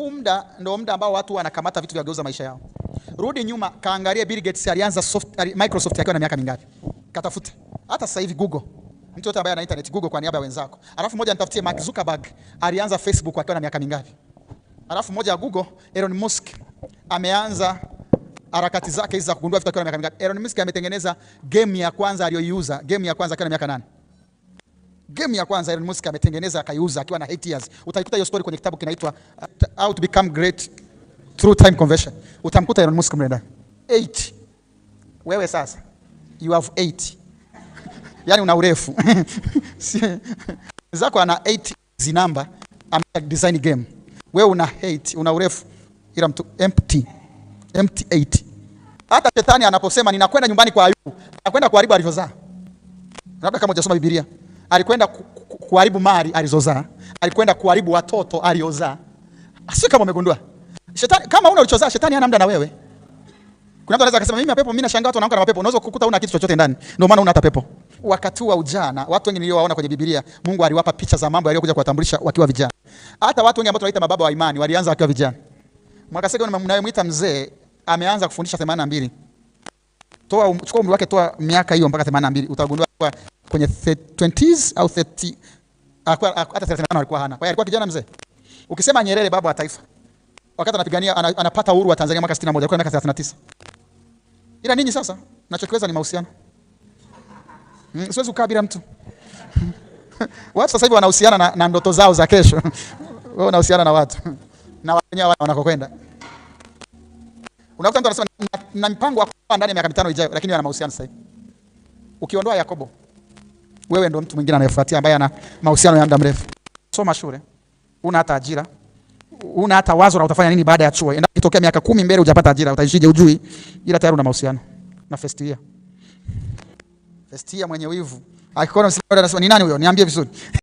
huu muda ndio muda ambao watu wanakamata vitu vya kugeuza maisha yao. Rudi nyuma, kaangalie Bill Gates alianza soft, Microsoft akiwa na miaka mingapi? Katafute. Hata sasa hivi Google. Mtu yote ambaye ana internet Google kwa niaba ya wenzako. Alafu moja nitafutie Mark Zuckerberg alianza Facebook akiwa na miaka mingapi? Alafu moja Google Elon Musk ameanza harakati zake hizi za kugundua vitu akiwa na miaka mingapi? Elon Musk ametengeneza game ya kwanza aliyoiuza, game ya kwanza akiwa na miaka nane? Game ya kwanza Elon Musk ametengeneza akaiuza akiwa na 8 years. Utaikuta hiyo story kwenye kitabu kinaitwa uh, How to Become Great Through Time Conversion. Utamkuta Elon Musk mrenda 8. Wewe sasa you have 8. Yaani una urefu. Zako ana 8 zinamba ame design game. Wewe una 8, una urefu ila mtu empty. Empty 8. Hata shetani anaposema ninakwenda nyumbani kwa Ayubu, anakwenda kuharibu alivyozaa. Labda kama hujasoma Biblia alikwenda kuharibu mali alizozaa, alikwenda kuharibu watoto aliozaa. Si kama umegundua shetani, kama una ulichozaa shetani hana muda na wewe. Kuna mtu anaweza akasema mimi mapepo, mimi nashangaa watu wanaamka na mapepo. Unaweza kukuta una kitu chochote ndani, ndio maana una hata pepo. Wakati wa ujana, watu wengi niliowaona kwenye Biblia, Mungu aliwapa picha za mambo yaliyokuja kuwatambulisha wakiwa vijana. Hata watu wengi ambao tunaita mababa wa imani walianza wakiwa vijana. Mwakasege mnayemwita mzee ameanza kufundisha 82. Toa, um, chukua umri wake, toa miaka hiyo mpaka 82 utagundua kwenye 20s au 30 ah, ah, hata 35 alikuwa hana. Kwa hiyo alikuwa kijana mzee. Ukisema Nyerere baba wa taifa wakati anapigania anapata uhuru wa Tanzania mwaka 61 alikuwa na miaka 39. Ila ninyi sasa nachokiweza ni mahusiano. Mm, siwezi kukaa bila mtu. Watu sasa hivi wanahusiana na, na ndoto zao za kesho. Wao wanahusiana na watu na wanyao wenyewe wanakokwenda. Unakuta mtu anasema na, na mpango wa kuwa ndani ya miaka mitano ijayo, lakini ana mahusiano sasa hivi. Ukiondoa Yakobo wewe ndo mtu mwingine anayefuatia ambaye ana mahusiano ya muda mrefu. Soma shule, una hata ajira, una hata wazo la utafanya nini baada ya chuo. Endapo itokea miaka kumi mbele hujapata ajira, utaishije ujui, ila tayari una mahusiano na Festia. Festia mwenye wivu akikona, anasema ni nani huyo, niambie vizuri